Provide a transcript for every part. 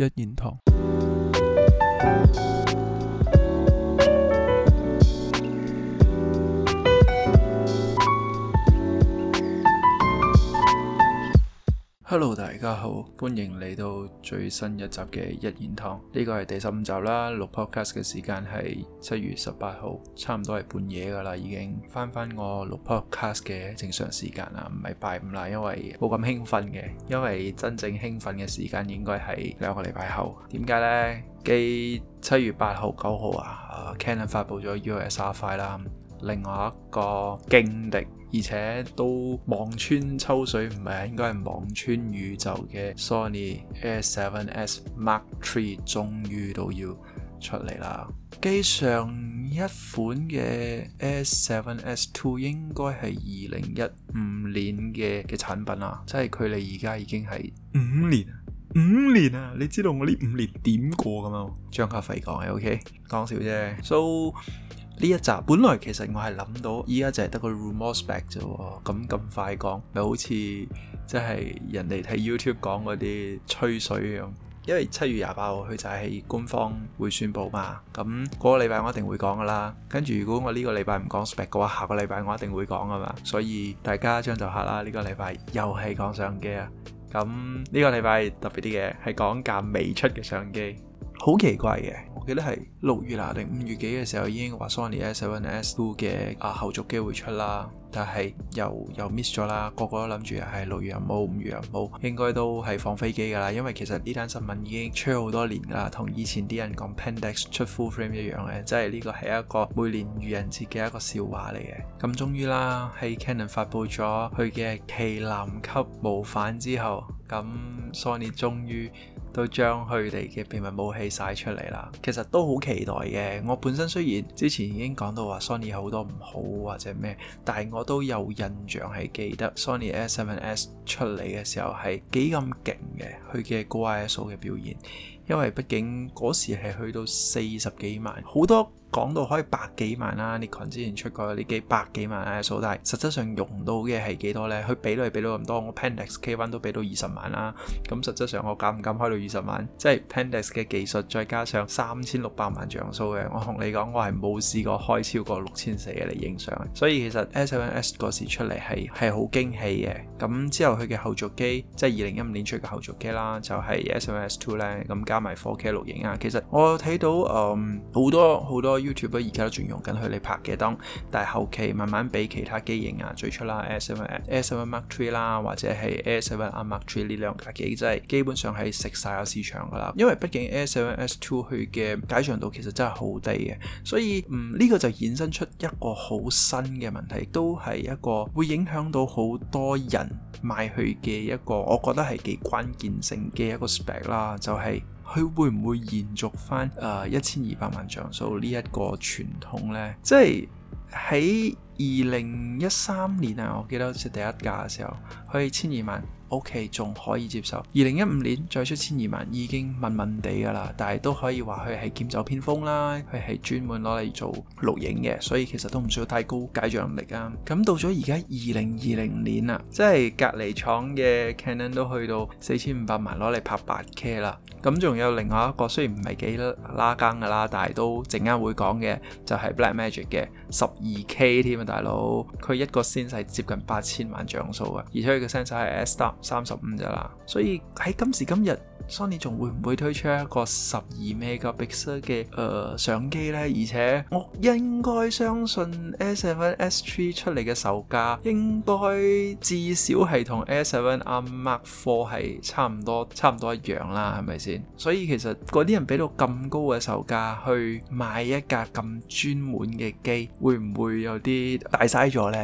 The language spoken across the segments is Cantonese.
一言堂。Hello，大家好，歡迎嚟到最新一集嘅一言堂，呢個係第十五集啦。錄 podcast 嘅時間係七月十八號，差唔多係半夜㗎啦，已經翻返我錄 podcast 嘅正常時間啦，唔係拜五啦，因為冇咁興奮嘅。因為真正興奮嘅時間應該係兩個禮拜後。點解呢？繼七月八號、九號啊，Canon 發布咗 EOS R5 啦，另外一個勁敵。而且都望穿秋水，唔係應該係望穿宇宙嘅 Sony A7S Mark III 終於都要出嚟啦！機上一款嘅 A7S II 應該係二零一五年嘅嘅產品啦，即係距離而家已經係五年，五年啊！你知道我呢五年點過㗎嘛？張家輝講嘅 OK，講笑啫。So 呢一集本來其實我係諗到，依家就係得個 rumors spec 啫喎，咁咁快講，咪好似即係人哋睇 YouTube 講嗰啲吹水咁。因為七月廿八號佢就係官方會宣布嘛，咁嗰個禮拜我一定會講噶啦。跟住如果我呢個禮拜唔講 spec 嘅話，下個禮拜我一定會講啊嘛。所以大家將就下啦，呢個禮拜又係講相機啊。咁呢個禮拜特別啲嘅係講架未出嘅相機，好奇怪嘅。記得係六月啦，定五月幾嘅時候已經話 Sony S7S2 嘅啊後續機會出啦。但係又又 miss 咗啦，個個都諗住係六月又冇，五月又冇，應該都係放飛機㗎啦。因為其實呢單新聞已經吹好多年㗎啦，同以前啲人講 Pentax 出 Full Frame 一樣嘅，即係呢個係一個每年愚人節嘅一個笑話嚟嘅。咁終於啦，喺 Canon 發布咗佢嘅旗艦級無反之後，咁 Sony 終於都將佢哋嘅秘密武器曬出嚟啦。其實都好期待嘅。我本身雖然之前已經講到話 Sony 好多唔好或者咩，但係我我都有印象係記得 Sony A7S 出嚟嘅時候係幾咁勁嘅，佢嘅高 ISO 嘅表現，因為畢竟嗰時係去到四十幾萬好多。講到開百幾萬啦，Nikon 之前出過啲幾百幾萬 S，但係實質上用到嘅係幾多呢？佢俾都係俾到咁多，我 Pentax K1 都俾到二十萬啦。咁實質上我敢唔敢開到二十萬？即係 Pentax 嘅技術，再加上三千六百萬像素嘅，我同你講我係冇試過開超過六千四嘅嚟影相。所以其實 S One S 嗰時出嚟係係好驚喜嘅。咁之後佢嘅後續機，即係二零一五年出嘅後續機啦，就係、是、S One S Two 咧，咁加埋 Four K 錄影啊。其實我睇到誒好多好多。YouTube 啊，而家都仲用緊佢嚟拍嘅，但係後期慢慢俾其他機型啊，最出啦 A7 A7 Mark Three 啦，或者係 A7R Mark Three 呢兩架機，真係基本上係食晒個市場噶啦。因為畢竟 A7S Two 去嘅解像度其實真係好低嘅，所以嗯呢個就衍生出一個好新嘅問題，都係一個會影響到好多人買佢嘅一個，我覺得係幾關鍵性嘅一個 spec 啦，就係。佢會唔會延續翻誒一千二百萬像素呢一個傳統呢，即係喺二零一三年啊，我記得好似第一架嘅時候，佢係千二萬。OK，仲可以接受，二零一五年再出千二萬已經問問地㗎啦，但係都可以話佢係劍走偏鋒啦，佢係專門攞嚟做錄影嘅，所以其實都唔需要太高解像力啊。咁到咗而家二零二零年啦，即係隔離廠嘅 Canon 都去到四千五百萬攞嚟拍八 K 啦。咁仲有另外一個雖然唔係幾拉更㗎啦，但係都陣間會講嘅就係、是、Black Magic 嘅。十二 K 添啊，大佬，佢一個 sensor 接近八千萬像素啊，而且佢個 sensor 係 S 登三十五咋啦，所以喺今時今日。Sony 仲會唔會推出一個十二 Megapixel 嘅誒相機呢？而且我應該相信 S7S III 出嚟嘅售價應該至少係同 S7R Mark Four 係差唔多，差唔多一樣啦，係咪先？所以其實嗰啲人俾到咁高嘅售價去買一架咁專門嘅機，會唔會有啲大嘥咗呢？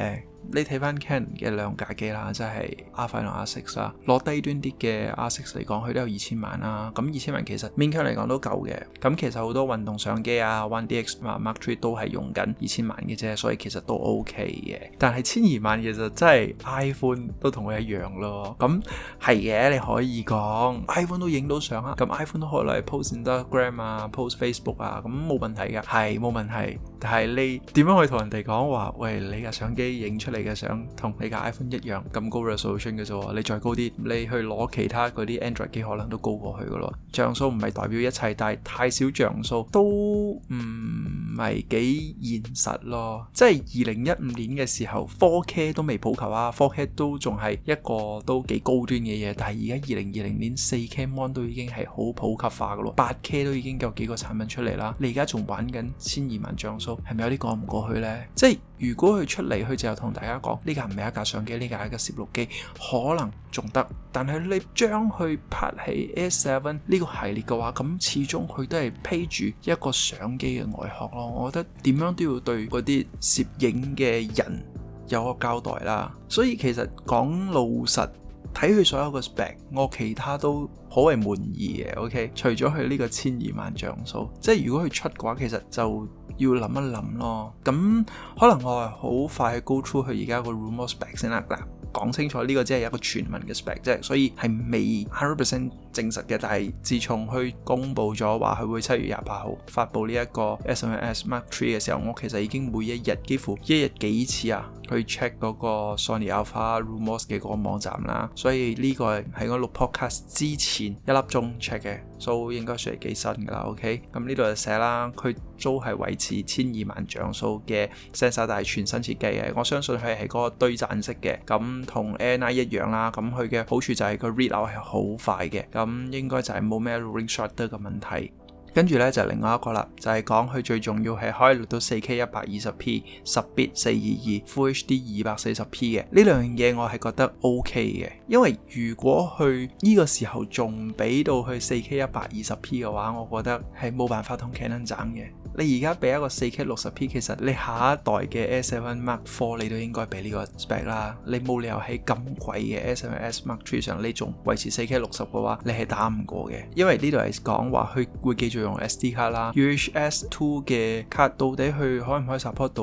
你睇翻 Canon 嘅兩架機啦，即係 R Five 同 R Six 啦，攞低端啲嘅 R Six 嚟講，佢都有二千萬啦。咁二千萬其實勉強嚟講都夠嘅。咁其實好多運動相機啊，One D X 啊，Mark Three 都係用緊二千萬嘅啫，所以其實都 OK 嘅。但係千二萬其實真係 iPhone 都同佢一樣咯。咁係嘅，你可以講 iPhone 都影到相啊。咁 iPhone 都可以 post Instagram 啊，post Facebook 啊，咁冇問題㗎，係冇問題。但係你點樣去同人哋講話，喂，你個相機影出嚟嘅相同你個 iPhone 一樣咁高 resolution 嘅啫，你再高啲，你去攞其他嗰啲 Android 機可能都高過佢噶咯。像素唔係代表一切，但係太少像素都唔。咪幾現實咯！即係二零一五年嘅時候，four K 都未普及啊，four K 都仲係一個都幾高端嘅嘢。但係而家二零二零年，四 K Mon 都已經係好普及化㗎咯，八 K 都已經有幾個產品出嚟啦。你而家仲玩緊千二萬像素，係咪有啲講唔過去呢？即係。如果佢出嚟佢就同大家講，呢架唔係一架相機，呢架係一個攝錄機，可能仲得。但係你將佢拍起 S7 呢個系列嘅話，咁始終佢都係披住一個相機嘅外殼咯。我覺得點樣都要對嗰啲攝影嘅人有個交代啦。所以其實講老實。睇佢所有個 spec，我其他都頗為滿意嘅，OK。除咗佢呢個千二萬像素，即係如果佢出嘅話，其實就要諗一諗咯。咁可能我係好快去 go through 佢而家個 rumor spec 先得啦。講清楚呢個只係一個傳聞嘅 spec，所以係未 hundred percent 證實嘅。但係自從佢公佈咗話佢會七月廿八號發佈呢一個 A7S Mark Three 嘅時候，我其實已經每一日幾乎一日幾次啊去 check 嗰個 Sony Alpha Rumors 嘅個網站啦。所以呢個係我錄 podcast 之前一粒鐘 check 嘅。租、so，應該算係幾新㗎啦，OK？咁呢度就寫啦，佢租係維持千二萬像素嘅 sensor，但全新設計嘅，我相信佢係嗰個堆贊式嘅，咁同 AI 一樣啦，咁佢嘅好處就係佢 readout 係好快嘅，咁、嗯、應該就係冇咩 rolling shutter 嘅問題。跟住呢，就另外一個啦，就係講佢最重要係可以錄到 4K 一百二十 p 十 bit 四二二 Full HD 二百四十 p 嘅呢兩樣嘢，我係覺得 OK 嘅，因為如果佢呢個時候仲俾到去 4K 一百二十 p 嘅話，我覺得係冇辦法同 Canon 爭嘅。你而家俾一個四 K 六十 P，其實你下一代嘅 S7 Mark Four 你都應該俾呢個 spec 啦。你冇理由喺咁貴嘅 S7 S Mark Three 上，你仲維持四 K 六十嘅話，你係打唔過嘅。因為呢度係講話佢會繼續用 SD 卡啦，UHS Two 嘅卡到底佢可唔可以 support 到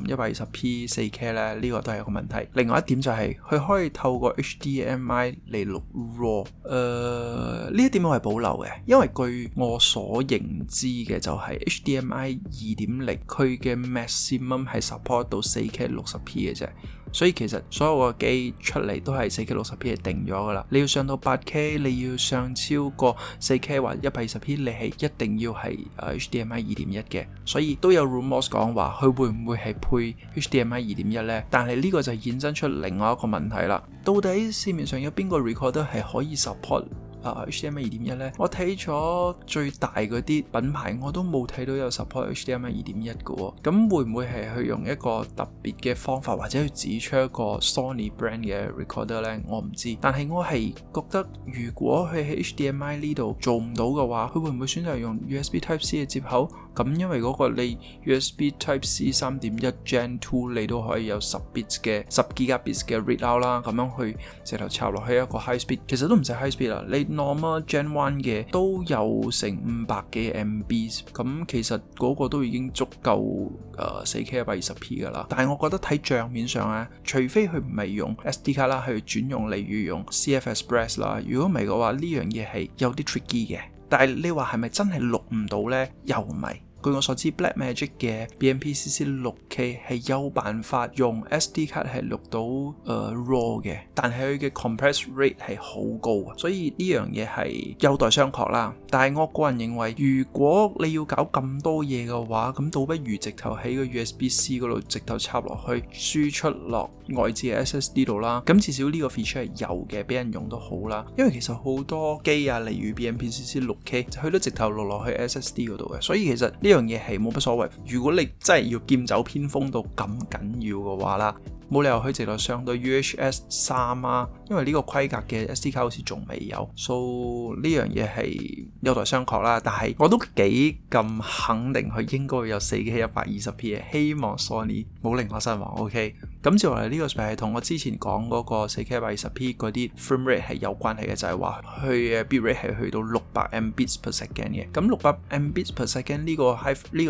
誒一百二十 P 四 K 咧？呢、這個都係一個問題。另外一點就係、是、佢可以透過 HDMI 嚟錄 raw。誒、呃、呢一點我係保留嘅，因為據我所認知嘅就係 HDMI HDMI 二點零，佢嘅 maximum 係 support 到四 K 六十 p 嘅啫，所以其實所有個機出嚟都係四 K 六十 p 係定咗噶啦。你要上到八 K，你要上超過四 K 或一百二十 p，你係一定要係 HDMI 二點一嘅。所以都有 rumors 講話佢會唔會係配 HDMI 二點一呢？但係呢個就衍生出另外一個問題啦。到底市面上有邊個 recorder 係可以 support？啊、uh, HDMI 二點一咧，我睇咗最大嗰啲品牌我都冇睇到有 support HDMI 二點一㗎喎，咁會唔會係去用一個特別嘅方法，或者去指出一個 Sony brand 嘅 recorder 咧？我唔知，但係我係覺得如果佢喺 HDMI 呢度做唔到嘅話，佢會唔會選擇用 USB Type C 嘅接口？咁因為嗰個你 USB Type C 三點一 Gen Two 你都可以有十 bits 嘅十幾 G bits 嘅 read out 啦，咁樣去直頭插落去一個 high speed，其實都唔使 high speed 啦。你 Normal Gen One 嘅都有成五百幾 MB，咁其實嗰個都已經足夠誒四 K 一百二十 P 噶啦。但係我覺得睇帳面上咧、啊，除非佢唔係用 SD 卡啦，去轉用例如用 CFexpress 啦，如果唔係嘅話，呢樣嘢係有啲 tricky 嘅。但係你話係咪真係錄唔到呢？又唔係。據我所知，Blackmagic 嘅 BMPCC 6K 係有辦法用 SD 卡係錄到誒、呃、RAW 嘅，但係佢嘅 compress rate 係好高啊，所以呢樣嘢係有待商榷啦。但係我個人認為，如果你要搞咁多嘢嘅話，咁倒不如直頭喺個 USB C 嗰度直頭插落去輸出落外置嘅 SSD 度啦。咁至少呢個 feature 係有嘅，俾人用都好啦。因為其實好多機啊，例如 BMPCC 6K，佢都直頭錄落去 SSD 嗰度嘅，所以其實，這個呢樣嘢係冇乜所謂，如果你真係要劍走偏鋒到咁緊要嘅話啦。冇理由去直落上到 UHS 三啊，因為呢個規格嘅 SD 卡好似仲未有，so 呢樣嘢係有待商榷啦。但係我都幾咁肯定佢應該會有四 k 一百二十 p 嘅，希望 Sony 冇令我失望。OK，咁接落嚟呢個 spec 同我之前講嗰個 4K 一百二十 p 嗰啲 frame rate 係有關係嘅，就係話佢 bit rate 係去到六百 Mbps per second 嘅。咁六百 Mbps per second 呢個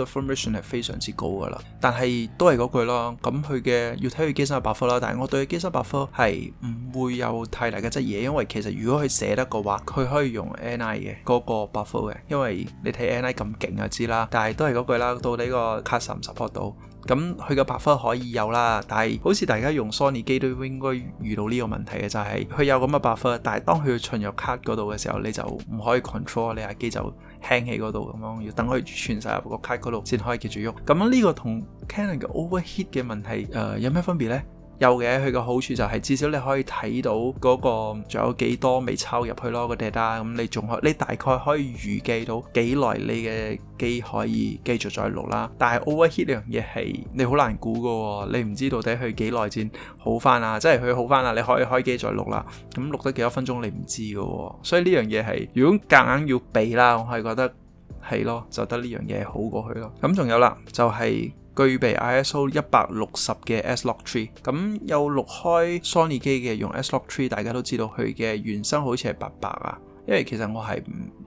frame rate 係非常之高㗎啦。但係都係嗰句啦，咁佢嘅要睇佢幾。機身 buffer 啦，但係我對佢機身 buffer 係唔會有太大嘅質疑，因為其實如果佢寫得嘅話，佢可以用 n i 嘅嗰個 buffer 嘅，因為你睇 n i 咁勁就知啦。但係都係嗰句啦，到底呢個卡 support 唔 support 到？咁佢嘅 buffer 可以有啦。但係好似大家用 Sony 機都會應該遇到呢個問題嘅，就係、是、佢有咁嘅 buffer。但係當佢要進入卡嗰度嘅時候，你就唔可以 control 你架機就。輕喺嗰度咁樣，要等佢傳晒入個卡嗰度先可以繼續喐。咁樣呢個同 Canon 嘅 overheat 嘅問題誒、呃、有咩分別咧？有嘅，佢個好處就係至少你可以睇到嗰個仲有幾多未抽入去咯，嗰啲 data，咁你仲可你大概可以預計到幾耐你嘅機可以繼續再錄啦。但係 overheat 呢樣嘢係你好難估㗎喎，你唔知到底佢幾耐先好翻啊？即係佢好翻啦，你可以開機再錄啦。咁錄得幾多分鐘你唔知㗎喎、哦，所以呢樣嘢係如果夾硬，硬要避啦，我係覺得係咯，就得呢樣嘢好過去咯。咁仲有啦，就係、是。具備 ISO 一百六十嘅 S-Log3，咁有錄開 Sony 機嘅用 S-Log3，大家都知道佢嘅原生好似係八百啊。因為其實我係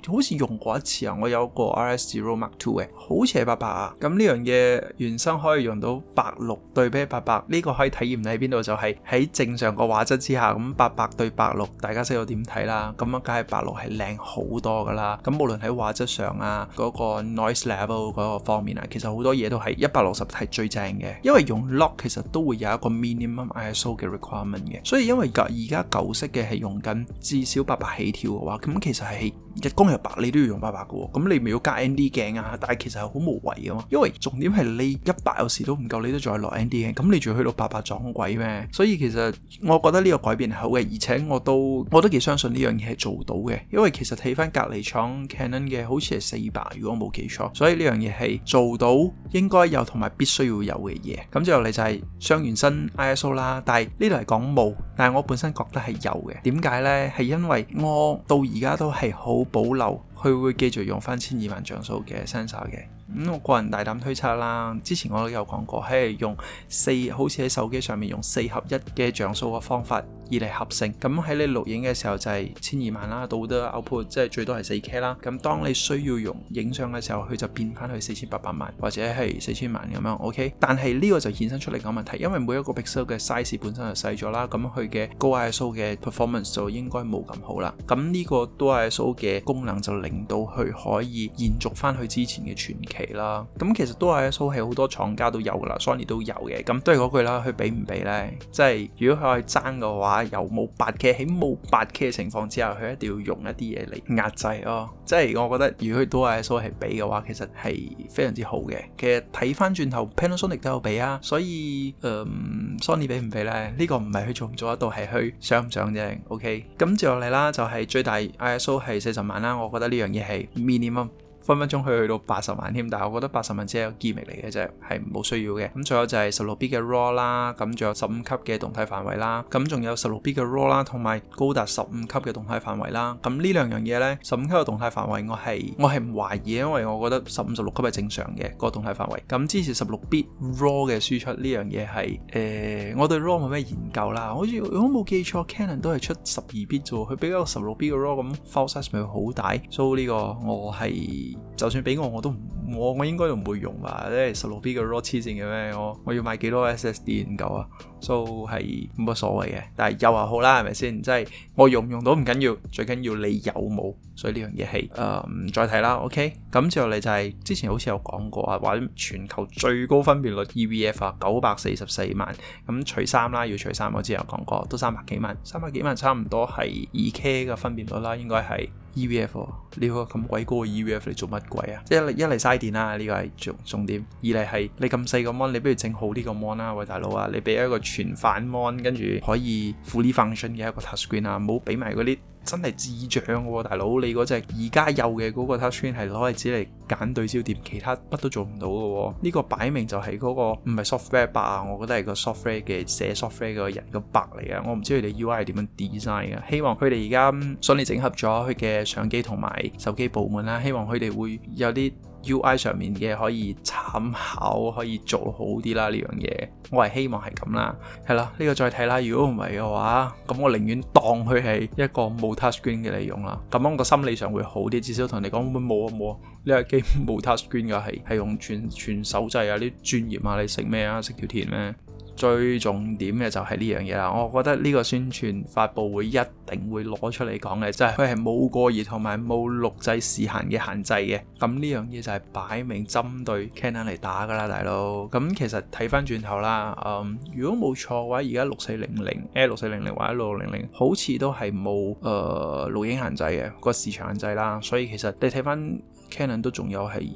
好似用過一次啊，我有個 R S Zero Mark Two 嘅，好似係八百啊。咁呢樣嘢，原生可以用到百六對比八百，呢個可以體驗喺邊度就係、是、喺正常個畫質之下，咁八百對百六，大家識到點睇啦。咁啊，梗係百六係靚好多噶啦。咁無論喺畫質上啊，嗰個 noise level 嗰個方面啊，其實好多嘢都係一百六十係最正嘅。因為用 log 其實都會有一個 minimum ISO 嘅 requirement 嘅，所以因為而家舊式嘅係用緊至少八百起跳嘅話。咁其實係。日光日白你都要用八百嘅喎，咁你咪要加 ND 鏡啊？但係其實係好無謂嘅嘛，因為重點係你一百有時都唔夠，你都仲要落 ND 鏡，咁你仲要去到八百撞鬼咩？所以其實我覺得呢個改變係好嘅，而且我都我都幾相信呢樣嘢係做到嘅，因為其實睇翻隔離廠 Canon 嘅好似係四百，如果我冇記錯，所以呢樣嘢係做到應該有同埋必須要有嘅嘢。咁之後嚟就係雙原生 ISO 啦，但係呢度係講冇，但係我本身覺得係有嘅。點解呢？係因為我到而家都係好。保留佢會繼續用翻千二萬像素嘅 sensor 嘅，咁、嗯、我個人大膽推測啦，之前我都有講過，係用四，好似喺手機上面用四合一嘅像素嘅方法。而嚟合成咁，喺你錄影嘅時候就係千二萬啦，到得 out 潑即係最多係四 K 啦。咁當你需要用影相嘅時候，佢就變翻去四千八百萬或者係四千萬咁樣。O、okay? K，但係呢個就衍生出嚟個問題，因為每一個 pixel 嘅 size 本身就細咗啦，咁佢嘅高 ISO 嘅 performance 就應該冇咁好啦。咁呢個都係 ISO 嘅功能就令到佢可以延續翻佢之前嘅傳奇啦。咁其實都係 ISO 係好多廠家都有噶啦，Sony 都有嘅。咁都係嗰句啦，佢比唔比呢？即係如果佢係爭嘅話。由有冇八 k 喺冇八 k 嘅情況之下，佢一定要用一啲嘢嚟壓制哦。Oh. 即係我覺得，如果佢都 ISO 係俾嘅話，其實係非常之好嘅。其實睇翻轉頭，Panasonic 都有俾啊，所以誒、嗯、，Sony 俾唔俾呢？呢、呢個唔係佢做唔做得到，係佢想唔想啫。OK，咁接落嚟啦，就係最大 ISO 係四十萬啦。我覺得呢樣嘢係 minimum。分分鐘去去到八十萬添，但係我覺得八十萬只係個 gimmick 嚟嘅啫，係冇需要嘅。咁仲有就係十六 bit 嘅 RAW 啦，咁仲有十五級嘅動態範圍啦，咁仲有十六 bit 嘅 RAW 啦，同埋高達十五級嘅動態範圍啦。咁呢兩樣嘢呢，十五級嘅動態範圍我係我係唔懷疑，因為我覺得十五十六級係正常嘅個動態範圍。咁支持十六 bit RAW 嘅輸出呢樣嘢係，誒、呃，我對 RAW 冇咩研究啦。好似如果冇記錯，Canon 都係出十二 bit 啫喎，佢比較十六 bit 嘅 RAW 咁，file size 咪會好大。So 呢個我係。就算俾我我都唔，我我應該就唔會用吧。即係十六 B 嘅 RAW，黐線嘅咩？我我要買幾多 SSD 研究啊？都係冇乜所謂嘅，但係又話好啦，係咪先？即係我用唔用都唔緊要，最緊要你有冇。所以呢樣嘢係誒唔再睇啦。OK，咁之後嚟，就係之前好似有講過啊，話全球最高分辨率 E V F 啊，九百四十四萬。咁除三啦，要除三，我之前有講過，都三百幾萬，三百幾萬差唔多係二 K 嘅分辨率啦，應該係 E V F 啊。你個咁鬼高嘅 E V F 你做乜鬼啊？即係一嚟嘥電啊，呢個係重重點。二嚟係你咁細個 mon，你不如整好呢個 mon 啦，喂大佬啊，你俾一個。全反芒跟住可以 fully function 嘅一個 touchscreen 啊，唔好俾埋嗰啲真係智障嘅喎、哦，大佬你嗰隻而家有嘅嗰個 touchscreen 係攞嚟只嚟揀對焦點，其他乜都做唔到嘅喎、哦，呢、這個擺明就係嗰、那個唔係 software 白啊，我覺得係個 software 嘅寫 software 嘅人個白嚟啊，我唔知佢哋 UI 係點樣 design 嘅，希望佢哋而家順利整合咗佢嘅相機同埋手機部門啦，希望佢哋會有啲。UI 上面嘅可以參考，可以做好啲啦。呢樣嘢我係希望係咁啦。係啦，呢個再睇啦。如果唔係嘅話，咁我寧願當佢係一個冇 touch screen 嘅利用啦。咁樣個心理上會好啲。至少同你講，冇啊冇啊，呢個機冇 touch screen 嘅係係用全全手掣啊！啲專業啊，你食咩啊？食條田咩？最重點嘅就係呢樣嘢啦，我覺得呢個宣傳發布會一定會攞出嚟講嘅，即係佢係冇過熱同埋冇錄製時限嘅限制嘅。咁呢樣嘢就係擺明針對 Canon 嚟打㗎啦，大佬。咁其實睇翻轉頭啦，嗯、呃，如果冇錯嘅話，而家六四零零、L 六四零零或者六六零零好似都係冇誒錄影限制嘅，個時長限,限制啦。所以其實你睇翻 Canon 都仲有係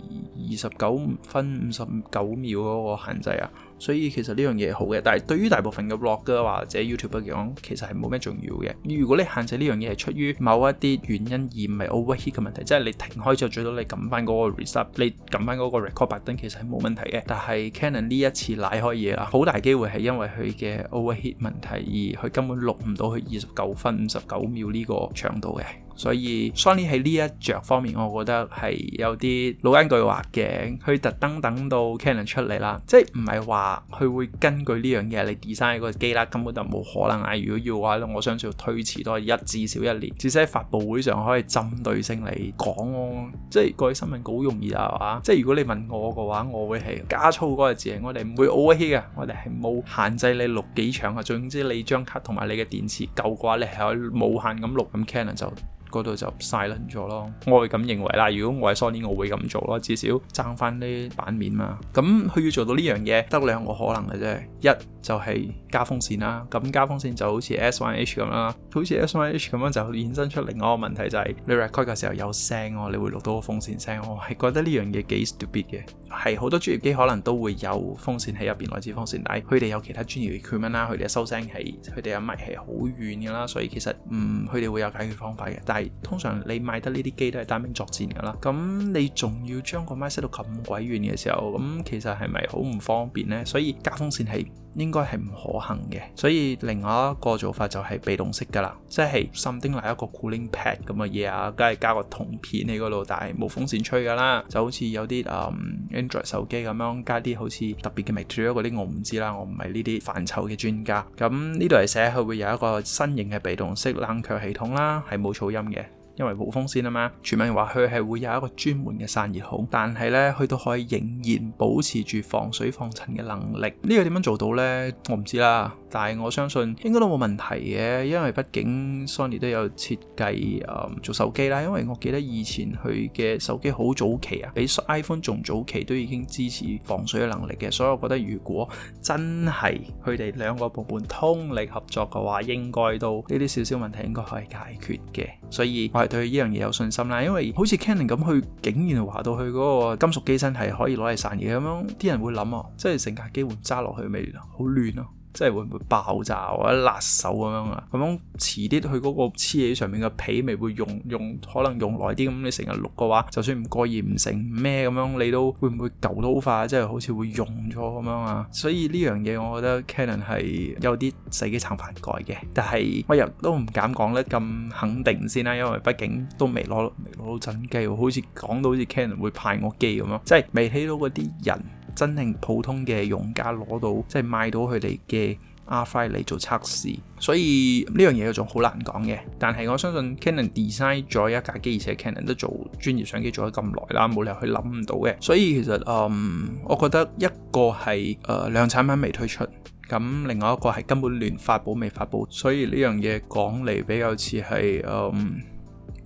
二十九分五十九秒嗰個限制啊。所以其實呢樣嘢好嘅，但係對於大部分嘅 Vlogger 或者 YouTube 嚟講，其實係冇咩重要嘅。如果你限制呢樣嘢係出於某一啲原因而唔係 overheat 嘅問題，即係你停開之後最多你撳翻嗰個 reset，你撳翻嗰個 record button 其實係冇問題嘅。但係 Canon 呢一次拉開嘢啦，好大機會係因為佢嘅 overheat 問題，而佢根本錄唔到佢二十九分五十九秒呢個長度嘅。所以 Sony 喺呢一著方面，我覺得係有啲老奸巨猾嘅。佢特登等到 Canon 出嚟啦，即係唔係話佢會根據呢樣嘢嚟 design 個機啦？根本就冇可能啊！如果要嘅話，我相信要推遲多一至少一年，至少喺發布會上可以針對性嚟講咯。即係各位新聞稿好容易啊，嚇！即係如果你問我嘅話，我會係加粗嗰個字，我哋唔會 overheat 嘅，我哋係冇限制你錄幾長啊。總之你張卡同埋你嘅電池夠嘅話，你係可以無限咁錄，咁 Canon 就～嗰度就曬輪咗咯，我係咁認為啦。如果我係 Sony，我會咁做咯，至少爭翻啲版面嘛。咁佢要做到呢樣嘢，得兩個可能嘅啫。一就係、是、加風扇啦，咁加風扇就好似 S1H 咁啦，好似 S1H 咁樣就衍生出另外一個問題就係、是、你 record 嘅時候有聲哦，你會錄到個風扇聲哦。我係覺得呢樣嘢幾 stupid 嘅，係好多專業機可能都會有風扇喺入邊內置風扇，但係佢哋有其他專業嘅缺問啦，佢哋收聲器，佢哋有咪係好遠㗎啦，所以其實唔，佢、嗯、哋會有解決方法嘅。通常你買得呢啲機都係單兵作戰㗎啦，咁你仲要將個麥塞到咁鬼遠嘅時候，咁其實係咪好唔方便呢？所以加風扇器，應該係唔可行嘅，所以另外一個做法就係被動式㗎啦，即係 summing 嚟一個 cooling pad 咁嘅嘢啊，梗係加個銅片喺嗰度，但係冇風扇吹㗎啦，就好似有啲誒、um, Android 手機咁樣加啲好似特別嘅 material 嗰啲，我唔知啦，我唔係呢啲範疇嘅專家。咁呢度係寫佢會有一個新型嘅被動式冷卻系統啦，係冇噪音嘅。因為冇風扇啊嘛，傳聞話佢係會有一個專門嘅散熱孔，但係呢，佢都可以仍然保持住防水防塵嘅能力。呢個點樣做到呢？我唔知啦，但係我相信應該都冇問題嘅，因為畢竟 Sony 都有設計、嗯、做手機啦。因為我記得以前佢嘅手機好早期啊，比 iPhone 仲早期都已經支持防水嘅能力嘅，所以我覺得如果真係佢哋兩個部門通力合作嘅話，應該都呢啲少少問題應該可以解決嘅。所以。對依樣嘢有信心啦，因為好似 Canon 咁去，竟然話到佢嗰個金屬機身係可以攞嚟散熱咁樣，啲人會諗啊，即係成架機會揸落去咪，好亂咯～ 即係會唔會爆炸或者辣手咁樣啊？咁樣遲啲佢嗰個黐喺上面嘅皮咪會用用可能用耐啲咁，你成日錄嘅話，就算唔過熱唔成咩咁樣，你都會唔會舊到化，即係好似會用咗咁樣啊？所以呢樣嘢我覺得 Canon 係有啲死雞撐飯蓋嘅，但係我又都唔敢講得咁肯定先啦，因為畢竟都未攞未攞到真機喎，好似講到好似 Canon 會派我機咁咯，即係未睇到嗰啲人。真正普通嘅用家攞到即係、就是、買到佢哋嘅 R5 嚟做測試，所以呢、嗯、樣嘢仲好難講嘅。但係我相信 Canon design 咗一架機，而且 Canon 都做專業相機做咗咁耐啦，冇理由去諗唔到嘅。所以其實嗯，我覺得一個係誒量產品未推出，咁另外一個係根本連發佈未發佈，所以呢樣嘢講嚟比較似係嗯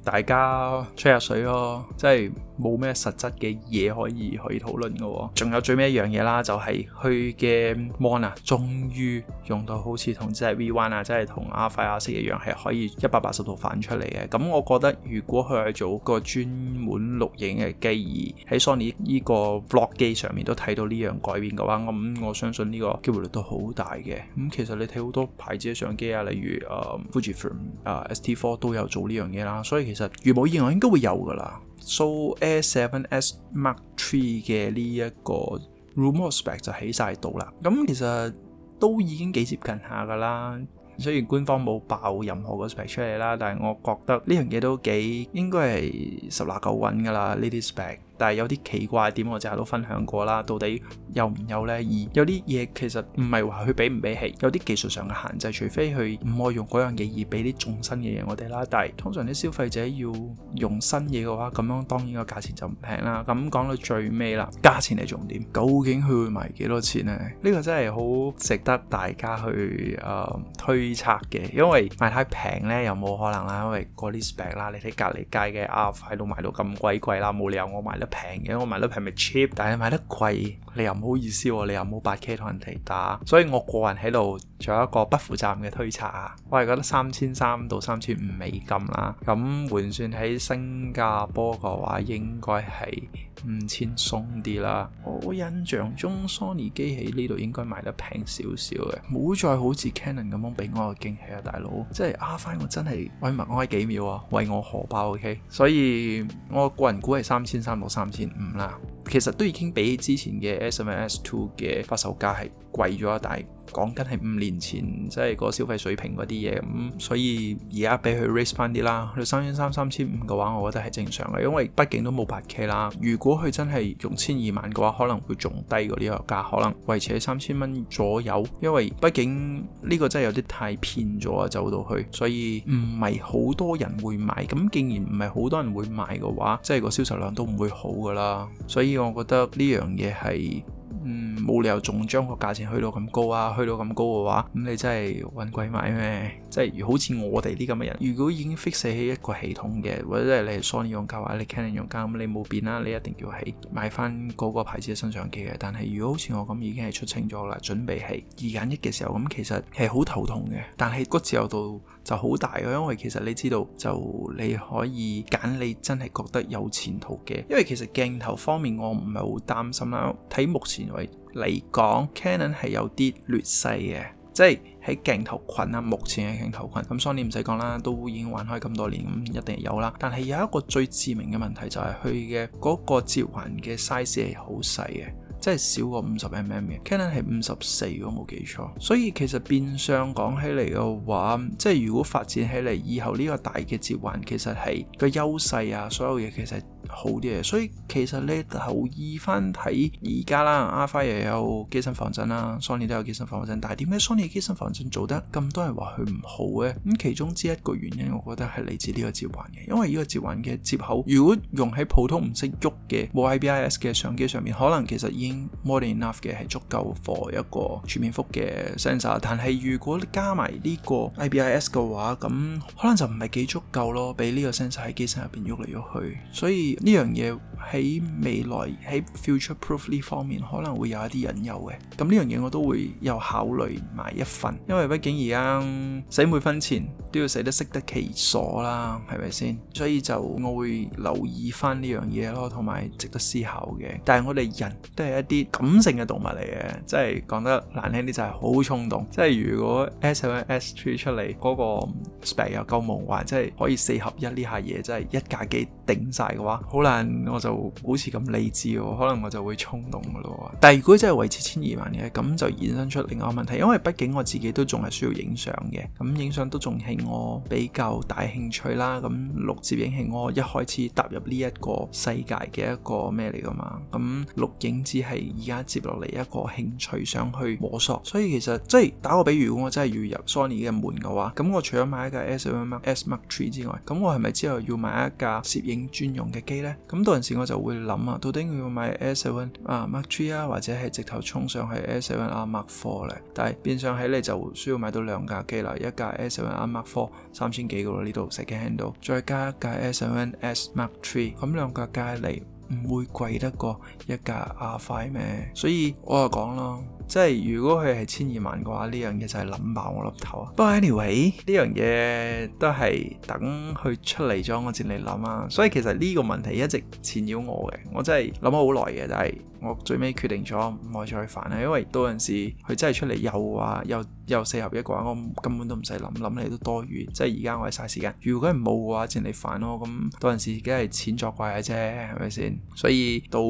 大家吹下水咯、哦，即係。冇咩實質嘅嘢可以去討論嘅喎、哦，仲有最尾一樣嘢啦，就係佢嘅 mon 啊，終於用到好似同即係 V One 啊，即係同阿快阿色一樣，係可以一百八十度反出嚟嘅。咁、嗯、我覺得如果佢係做個專門錄影嘅機器，喺 Sony 呢個 Vlog 機上面都睇到呢樣改變嘅話，我、嗯、咁我相信呢個機會率都好大嘅。咁、嗯、其實你睇好多牌子嘅相機啊，例如誒、呃、Fujifilm 啊、呃、ST Four 都有做呢樣嘢啦，所以其實如冇意外應該會有噶啦。So A7S Mark III 嘅呢一個 rumor spec 就起晒到啦，咁其實都已經幾接近下噶啦。雖然官方冇爆任何個 spec 出嚟啦，但係我覺得呢樣嘢都幾應該係十拿九穩噶啦呢啲 spec。但係有啲奇怪點，我成日都分享過啦。到底有唔有呢？而有啲嘢其實唔係話佢俾唔俾氣，有啲技術上嘅限制，除非佢唔可以用嗰樣嘢而俾啲仲新嘅嘢我哋啦。但係通常啲消費者要用新嘢嘅話，咁樣當然個價錢就唔平啦。咁講到最尾啦，價錢係重點，究竟佢會賣幾多錢呢？呢個真係好值得大家去誒、呃、推測嘅，因為賣太平呢，又冇可能啦，因為嗰啲 spec 啦，你睇隔離街嘅阿輝都賣到咁貴貴啦，冇理由我賣得。平嘅我買得平咪 cheap，但係買得貴你又唔好意思，啊，你又冇八 K 同人哋打，所以我個人喺度做一個不負責任嘅推測啊！我係覺得三千三到三千五美金啦，咁、嗯、換算喺新加坡嘅話應該係五千鬆啲啦。我印象中 Sony 機器呢度應該賣得平少少嘅，冇再好似 Canon 咁樣俾我個驚喜啊！大佬，即係啊翻我真係默哀幾秒啊，喂，我荷包 OK，所以我個人估係三千三三千五啦，其實都已經比之前嘅 S Mark 2嘅發售價係貴咗，但係講緊係五年前，即係個消費水平嗰啲嘢咁，所以而家俾佢 raise 翻啲啦。去到三千三三千五嘅話，我覺得係正常嘅，因為畢竟都冇八 K 啦。如果佢真係用千二萬嘅話，可能會仲低過呢個價，可能維持喺三千蚊左右。因為畢竟呢個真係有啲太偏咗啊，走到去，所以唔係好多人會買。咁既然唔係好多人會買嘅話，即係個銷售量都唔會好噶啦。所以我覺得呢樣嘢係。冇理由仲將個價錢去到咁高啊，去到咁高嘅話，咁你真係揾鬼買咩？即係好似我哋啲咁嘅人，如果已經 fix 死喺一個系統嘅，或者係你係 Sony 用家啊，或者你 Canon 用家咁，你冇變啦，你一定要係買翻嗰個牌子嘅新相機嘅。但係如果好似我咁已經係出清咗啦，準備係二揀一嘅時候，咁其實係好頭痛嘅。但係個自由度。就好大嘅，因為其實你知道，就你可以揀你真係覺得有前途嘅。因為其實鏡頭方面，我唔係好擔心啦。睇目前為嚟講，Canon 係有啲劣勢嘅，即係喺鏡頭群啊，目前嘅鏡頭群。咁 Sony 唔使講啦，都已經玩開咁多年，咁一定有啦。但係有一個最致命嘅問題，就係佢嘅嗰個接環嘅 size 係好細嘅。即係少過五十 mm 嘅，Canon 係五十四，如果冇記錯。所以其實變相講起嚟嘅話，即係如果發展起嚟，以後呢個大嘅接環其實係個優勢啊，所有嘢其實。好啲嘅，所以其實你留意翻睇而家啦，R5 又有機身防震啦，Sony 都有機身防震，但係點解 Sony 機身防震做得咁多人話佢唔好咧？咁、嗯、其中之一個原因，我覺得係嚟自呢個接環嘅，因為呢個接環嘅接口，如果用喺普通唔識喐嘅冇 IBIS 嘅相機上面，可能其實已經 more than enough 嘅係足夠 for 一個全面幅嘅 sensor，但係如果加埋呢個 IBIS 嘅話，咁可能就唔係幾足夠咯，俾呢個 sensor 喺機身入邊喐嚟喐去，所以。呢樣嘢喺未來喺 future proof 呢方面可能會有一啲隱憂嘅，咁呢樣嘢我都會有考慮埋一份，因為畢竟而家使每分錢都要使得適得其所啦，係咪先？所以就我會留意翻呢樣嘢咯，同埋值得思考嘅。但係我哋人都係一啲感性嘅動物嚟嘅，即係講得難聽啲就係好衝動。即係如果 S S Three 出嚟嗰個 spec 又夠夢幻，即係可以四合一呢下嘢，真係一架機定晒嘅話，好難，我就好似咁理智，可能我就會衝動噶咯。但係如果真係維持千二萬嘅，咁就衍生出另外一個問題，因為畢竟我自己都仲係需要影相嘅，咁影相都仲係我比較大興趣啦。咁錄攝影係我一開始踏入呢一個世界嘅一個咩嚟噶嘛？咁錄影只係而家接落嚟一個興趣想去摸索。所以其實即係打個比喻，如果我真係要入 Sony 嘅門嘅話，咁我除咗買一架 A7S Mark III 之外，咁我係咪之後要買一架攝影？專用嘅機咧，咁到陣時我就會諗啊，到底要買 A7R Mark III 啊，或者係直頭衝上去 A7R Mark IV 咧？但係變相起嚟，就需要買到兩架機啦，一架 A7R Mark IV 三千幾噶咯呢度，食嘅 handle，再加一架 A7S Mark III，咁兩架加埋唔會貴得過一架 R5 咩？所以我就講啦。即係如果佢係千二萬嘅話，呢樣嘢就係諗爆我粒頭啊！不過 anyway，呢樣嘢都係等佢出嚟咗我先嚟諗啊，所以其實呢個問題一直纏繞我嘅，我真係諗咗好耐嘅，就係我最尾決定咗唔好再煩啦，因為到陣時佢真係出嚟又話又又四合一嘅話，我根本都唔使諗諗嚟都多餘，即係而家我係嘥時間。如果係冇嘅話，先嚟煩咯。咁到陣時梗係錢作怪嘅啫，係咪先？所以到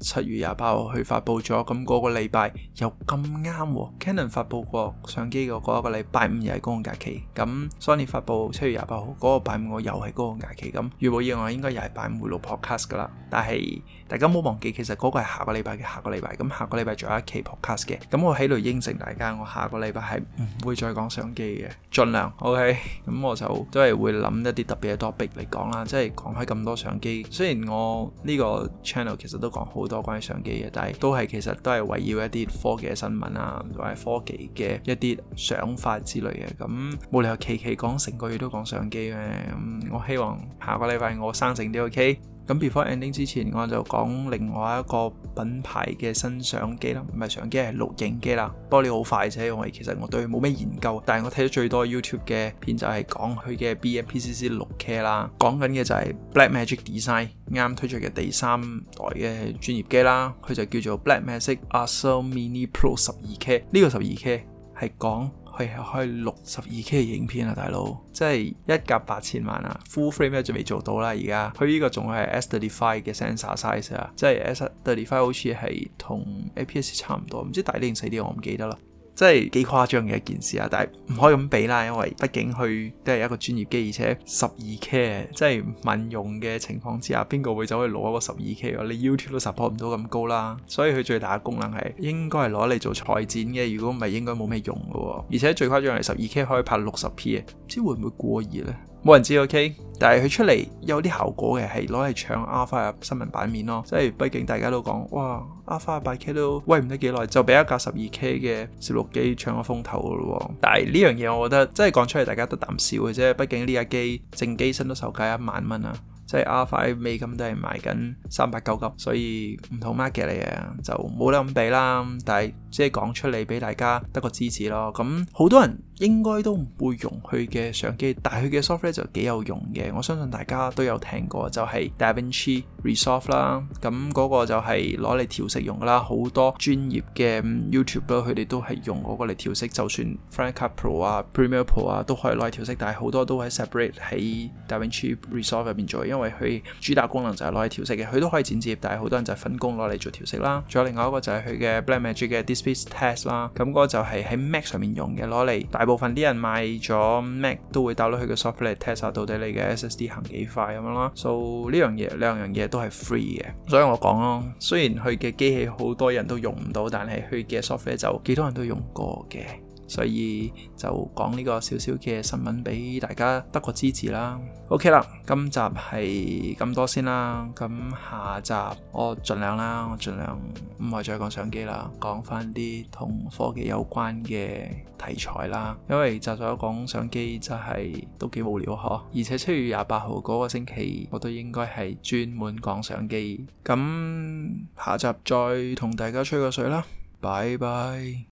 七月廿八號佢發布咗，咁嗰個禮拜又。咁啱、啊、Canon 發布過相機嘅嗰個禮拜五又係公假期，咁 Sony 發布七月廿八號嗰個禮拜五，我又係公假期咁。預報以外應該又係拜五會錄 podcast 㗎啦。但係大家唔好忘記，其實嗰個係下個禮拜嘅下個禮拜。咁下個禮拜仲有一期 podcast 嘅。咁我喺度應承大家，我下個禮拜係唔會再講相機嘅，儘量 OK。咁我就都係會諗一啲特別嘅 topic 嚟講啦，即係講開咁多相機。雖然我呢個 channel 其實都講好多關於相機嘅，但係都係其實都係圍繞一啲科技新聞啊，或者科技嘅一啲想法之類嘅，咁冇理由期期講成個月都講相機咩、嗯？我希望下個禮拜我生性啲，O K？咁 before ending 之前，我就講另外一個品牌嘅新相機啦，唔係相機係錄影機啦。不過你好快啫，我其實我對佢冇咩研究，但係我睇咗最多 YouTube 嘅片就係講佢嘅 BMPCC 六 K 啦，講緊嘅就係 Blackmagic Design 啱推出嘅第三代嘅專業機啦，佢就叫做 Blackmagic Ursa Mini Pro 十二 K，呢個十二 K 係講。可以開六十二 K 嘅影片啊，大佬，即係一格八千萬啊，Full Frame 咧，仲未做到啦，而家佢呢個仲係 S35 嘅 sensor size 啊，即係 S35 好似係同 APS 差唔多，唔知大啲定細啲，我唔記得啦。即係幾誇張嘅一件事啊！但係唔可以咁比啦，因為畢竟佢都係一個專業機，而且十二 K 即係民用嘅情況之下，邊個會走去攞一個十二 K？你 YouTube 都 support 唔到咁高啦，所以佢最大嘅功能係應該係攞嚟做裁剪嘅。如果唔係，應該冇咩用嘅。而且最誇張係十二 K 可以拍六十 P 嘅，唔知會唔會過熱呢？冇人知 o、okay? k 但係佢出嚟有啲效果嘅，係攞嚟搶阿花嘅新聞版面咯。即係畢竟大家都講，哇阿花八 K 都威唔得幾耐，就俾一架十二 K 嘅十六 G 搶咗風頭咯。但係呢樣嘢，我覺得真係講出嚟，大家都啖笑嘅啫。畢竟呢架機正機身都售價一萬蚊啊！即係 R5 美金都係賣緊三百九級，所以唔同 market 嚟嘅就冇得咁比啦。但係即係講出嚟畀大家得個支持咯。咁好多人應該都唔會用佢嘅相機，但係佢嘅 software 就幾有用嘅。我相信大家都有聽過，就係、是、Da Vinci Resolve 啦，咁嗰個就係攞嚟調色用噶啦，好多專業嘅 YouTube 佢哋都係用嗰個嚟調色。就算 Final Cut Pro 啊、Premiere Pro 啊，都可以攞嚟調色，但係好多都喺 Separate 喺 Da Vinci Resolve 入邊做，因為佢主打功能就係攞嚟調色嘅。佢都可以剪接，但係好多人就分工攞嚟做調色啦。仲有另外一個就係佢嘅 Blackmagic 嘅 Disk Speed Test 啦，咁嗰個就係喺 Mac 上面用嘅，攞嚟大部分啲人買咗 Mac 都會 download 佢嘅 software 嚟 test 下，到底你嘅 SSD 行幾快咁樣啦。So 呢樣嘢兩樣嘢。都係 free 嘅，所以我講咯，雖然佢嘅機器好多人都用唔到，但係佢嘅 software 就幾多人都用過嘅。所以就講呢個少少嘅新聞俾大家得個支持啦。OK 啦，今集係咁多先啦。咁下集我盡量啦，我盡量唔係再講相機啦，講返啲同科技有關嘅題材啦。因為集集都講相機，就係都幾無聊嗬。而且七月廿八號嗰個星期，我都應該係專門講相機。咁下集再同大家吹個水啦。拜拜。